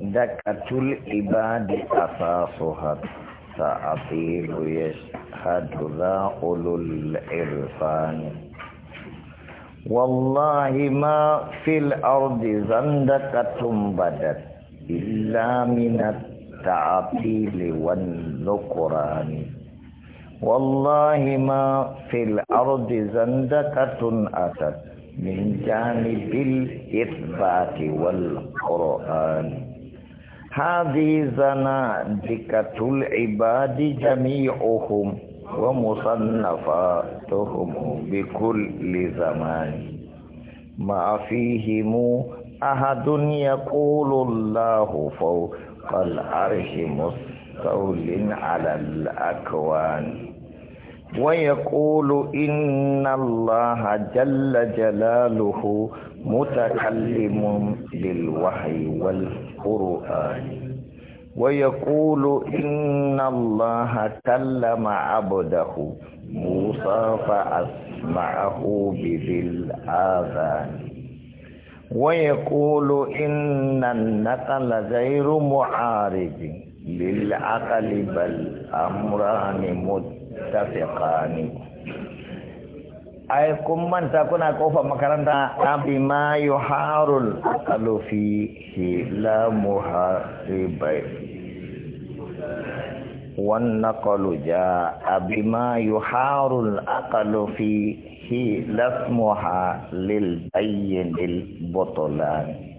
دكة العباد أساسها تعطيل يشهد ذا أولو الإرفان والله ما في الأرض زندكة بدت إلا من التعطيل والنكران والله ما في الأرض زندكة أتت من جانب الإثبات والقرآن هذه دكة العباد جميعهم ومصنفاتهم بكل زمان ما فيهم أحد يقول الله فوق العرش مستول على الأكوان ويقول إن الله جل جلاله متكلم بالوحي والقرآن ويقول إن الله كلم عبده موسى فأسمعه بذي الآذان ويقول إن النقل غير معارض للعقل بل أمران مد tafiqani ai kun manta kuna kofa makaranta abi ma yuharul aqalu fi la muharibai wan naqalu ja abi ma yuharul aqalu fi lasmuha lil bayyin lil butlan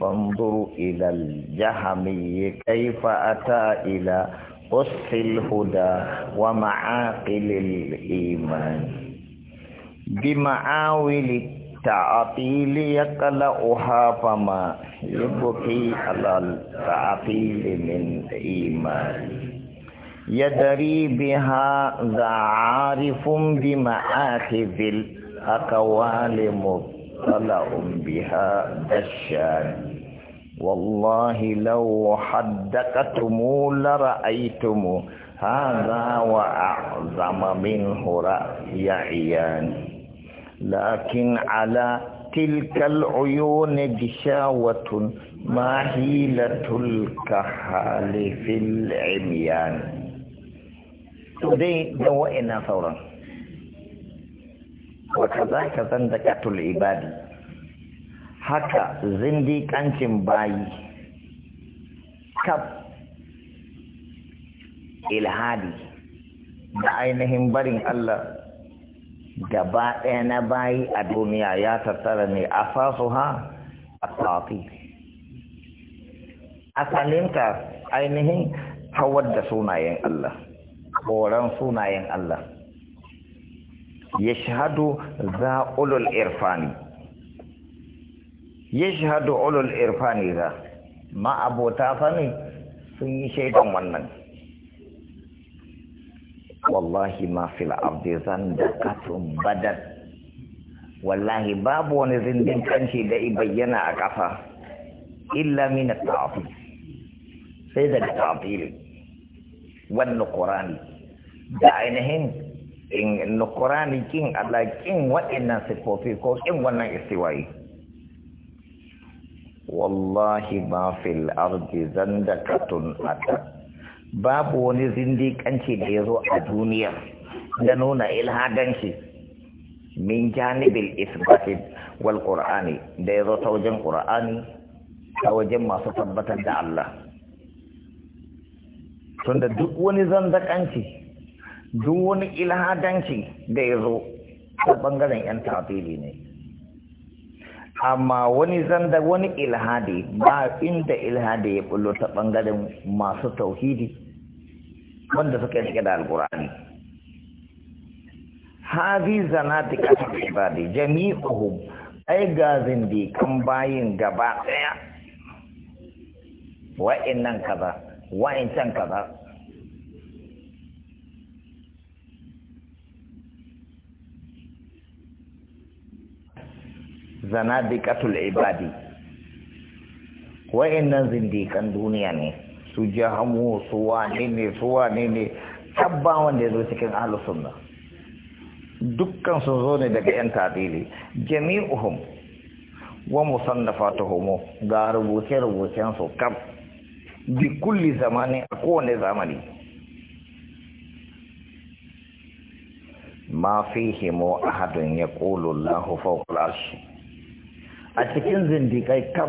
فانظروا إلى الجهمي كيف أتى ila. وسح الهدى ومعاقل الإيمان بمعاول التعطيل يقلأها فما يبقي على التعطيل من إيمان يدري بها ذا عارف بمآخذ الأقوال مطلع بها دشان والله لو حدقتم لرأيتم هذا وأعظم منه رأي عيان لكن على تلك العيون غشاوة ما هيلة الكحال في العميان تدي دوائنا فورا وكذاك زندقة العباد haka zindiƙancin bayi kaf ilhadi da ainihin barin Allah gaba ɗaya na bayi a duniya ya tattara ne a fasu ha a tafi asalinta ainihin hawar da sunayen Allah koran sunayen Allah ya shahadu za'ulul irfani ya shahadu ulul irfani za ma abota fa ne sun yi shaidan wannan wallahi ma fil abdi zanda katun badar wallahi babu wani zindin kanci da i bayyana a kafa illa min ta'fil sai da ta'fil wannan qur'ani da ainihin in Qur'ani kin Allah kin waɗannan sifofi ko kin wannan istiwayi wallahi ma fil ardi zandakatun atat babu wani zindikanci da ya zo a duniya da nuna ilhadanci min janibil isbati wal qur'ani da ya zo ta wajen qur'ani ta wajen masu tabbatar da Allah tunda duk wani zandakanci duk wani ilhadanci da ya zo ta bangaren yan tafili ne amma wani zanda wani ilhadi ba inda ilhadi ya bullo ta bangaren masu tauhidi wanda suka yi da alkurani hazi zanatika ta ibadi jami'uhum ai ga zindikan bayin gaba daya nan kaza wa'in can kaza zanadiqatul ibadi wa'annan zindikan duniya ne su jahamu su wane ne su wane ne tabba wanda ya zo cikin ahlus sunna dukkan sun zo ne daga yan tadili jami'uhum wa musannafatuhum ga rubuce rubucen su kam. bi kulli zamani a kowane zamani ma fihimo ahadun yaqulu Allahu fawqa al-arshi a cikin zindikai kam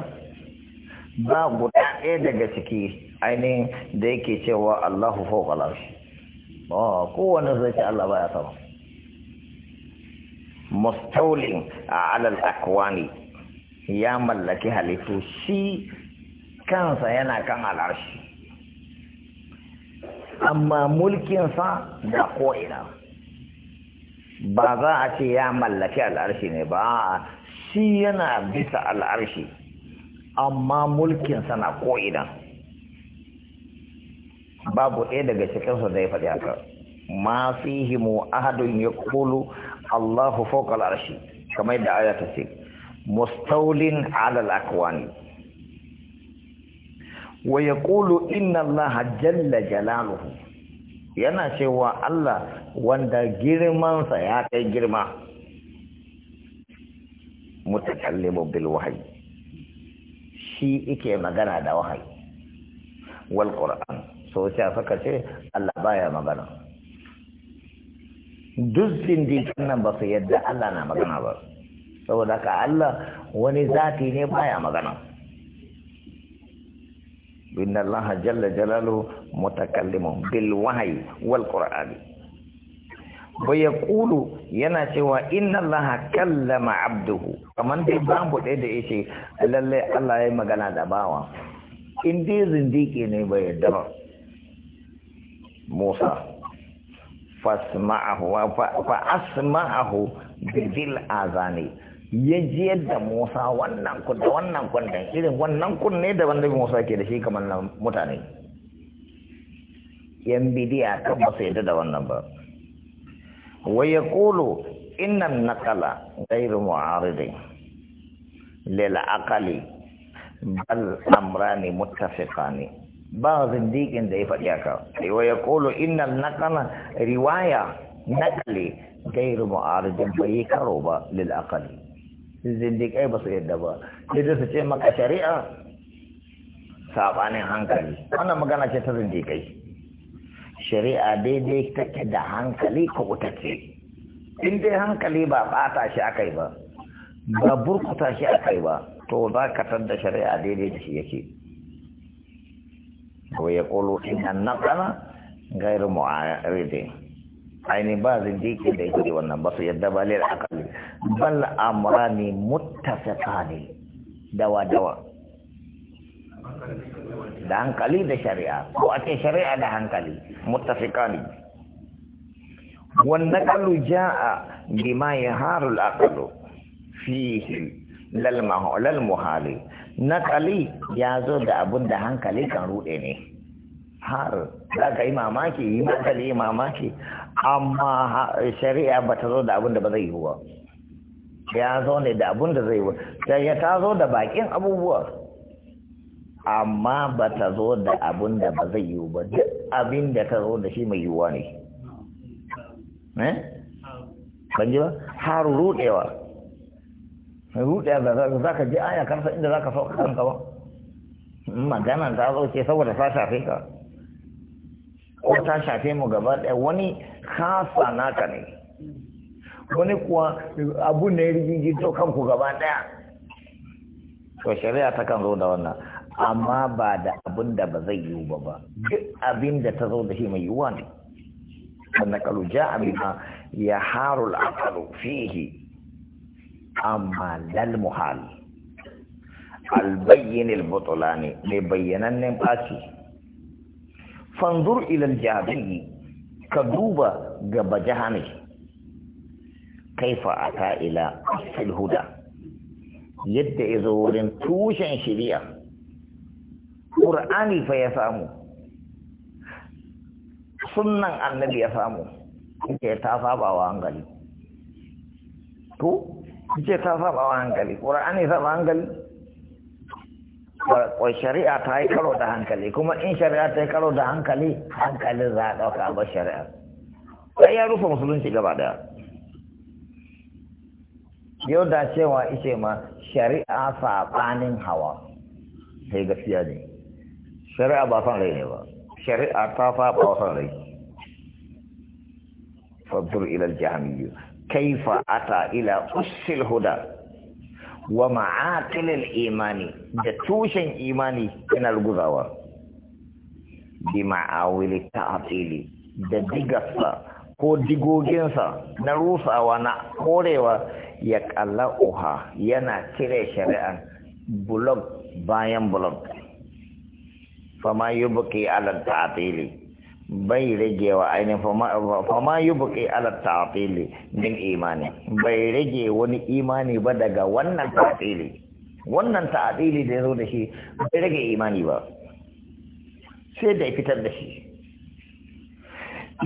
ba guda ɗaya daga ciki ainihin da yake cewa Allahu fawqa al-arsh kowanne zai ce Allah baya sama mustaulin a alal akwani ya mallaki halittu shi kansa yana kan al'arshi amma mulkinsa da ko'ina ba za a ce ya mallaki al'arshi ne ba shi yana bisa al'arshi amma mulkin sana ko'ina babu ɗaya daga cikinsu zai faɗi haka ma fihimu ahadun ya kulu allahu fokal arshi kamar da aya ta ce mustaulin alal akwani wa ya kulu inna allaha jalla jalaluhu yana cewa allah wanda girmansa ya kai girma mutakallimu bil wahyi shi yake magana da wahayi wal qur'an so saka ce Allah baya magana duk zindikan nan ba su yadda Allah na magana ba saboda ka Allah wani zati ne baya magana inna Allah jalla jalalu mutakallimu bil wahyi wal qur'an wa yaqulu yana cewa inna Allah kallama abduhu kamar dai babu ɗaya da yace lalle Allah ya magana da bawa in dai zindiki ne bai yarda ba Musa fasma'ahu fa asma'ahu bil azani ya ji yadda Musa wannan kun da wannan kun da irin wannan kun ne da wanda Musa ke da shi kamar mutane yan bidiya kan ba su yadda da wannan ba ويقول إن النقل غير معارض للعقل بل أمران متفقان بعض الديك إن ديفت ياكا ويقول إن النقل رواية نقل غير معارض بيكروبا للعقل zindik ai ba su yadda ba yadda su ce maka shari'a saɓanin hankali wannan magana ce ta zindikai shari'a daidai take da hankali ko wutacce in dai hankali ba bata shi akai ba ba burkuta shi akai ba to za ka da shari'a daidai da shi yake ko ya kolo in annaqana gairu mu'aridi aini ba zindiki da yake wannan ba su yadda ba lil akali bal amrani muttafiqani dawa dawa da hankali da shari'a ko a ce shari'a da hankali muttafiqani wan naqlu jaa bima yaharul aqlu fihi lal mahal muhal naqali ya zo da abun da hankali kan rude ne har za ka yi mamaki yi mamaki amma shari'a ba ta zo da abun da ba zai yi ba ya zo ne da abun da zai yi ya ta zo da bakin abubuwa amma ba ta zo da abin da ba zai yiwu ba duk abin da ta zo da shi mai yiwuwa ne eh? ban ji ba har rudewa rudewa da za ka ji aya karsa inda za ka sauka kanka ba magana ta zo ce saboda ta shafe ka ko ta shafe mu gaba ɗaya wani kasa naka ne wani kuwa abu ne rigingito kanku gaba ɗaya to shari'a ta kan zo da wannan amma ba da abin da ba zai yiwu ba ba duk abin da ta zo da shi mai yiwuwa ne sannan kalu ja'a ya harul aqalu fihi amma lal muhal Albayyin bayyin al butulani mai bayyanannen baki fanzur ilal al jabi ka duba gaba jahani kaifa ata ila al huda yadda zo wurin tushen shari'a Qur'ani fa ya samu sunnan annabi ya samu kuke ta sabawa hankali to kuke ta sabawa hankali Qur'ani saba hankali ko shari'a ta yi karo da hankali kuma in shari'a ta yi karo da hankali hankalin za a ɗauka ba shari'a sai ya rufe musulunci gaba daya yau da cewa ice ma shari'a saɓanin hawa sai gaskiya ne shari'a ba son rai ne ba shari'a ta fa wa son rai fadur ila al kaifa ata ila usul huda wa ma'atil imani da tushen imani yana ruguzawa bi ma'awili ta'atili da digasa ko digoginsa na rusawa na korewa ya kalla uha yana cire shari'an blog bayan blog فما يبقي على التعطيل bai rage wa ainihin fama yi buƙi alar ta'atili min imani bai rage wani imani ba daga wannan ta'atili wannan ta'atili da ya zo da shi bai rage imani ba sai da fitar da shi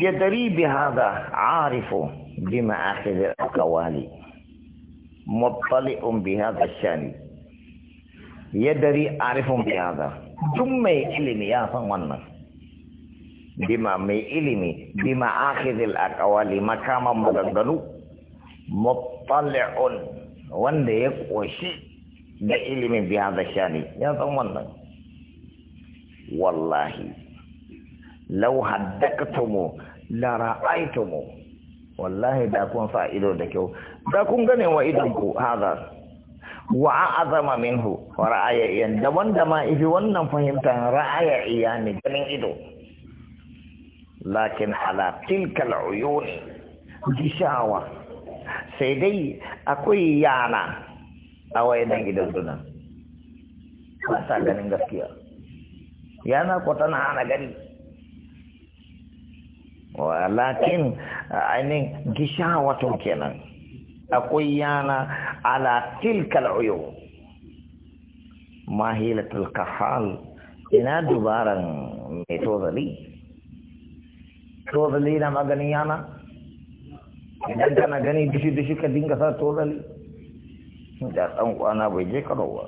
ya dari bi haza arifu bi ma'akhir al-qawali muttali'un bi haza shani ya dari arifun bi haza duk mai ilimi ya san wannan bima mai ilimi bima akhidil aqwali makaman maganganu muttali'un wanda ya koshi da ilimin bi hada shani ya san wannan wallahi law haddaktumu la ra'aytumu wallahi da kun sa ido da kyau da kun gane wa idan ku hada wa azama minhu wa iyan da wanda ma ifi wannan fahimta ra'aya iyani ganin ido lakin ala tilka al'uyun gishawa sai dai akwai yana a wayan gidan duna ba sa ganin gaskiya yana ko tana ana gani walakin ainihin tun kenan akwai yana على تلك العيون ما هي تلك حال إنا دوبارا ميتوظلي توظلي نام أغنيانا إنك أنا أغني دشي دشي كدين كثار توظلي جار أنك أنا بيجي كروا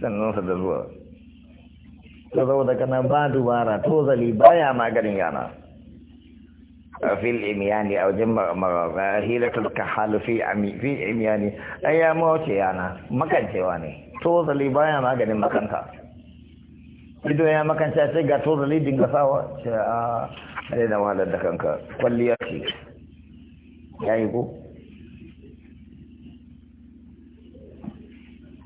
سنو سدزوا تظوا دكنا با دوبارا توظلي بايا ما أغنيانا في الإمياني أو جمع هيلة الكحال في عمي في الإمياني أي موتي أنا مكان تواني توصلي بايا ما قد مكان كا إذا يا مكان شاسي قا توصلي دين قصاوة شاء أنا ما لدكان كا كل يكي يعيبو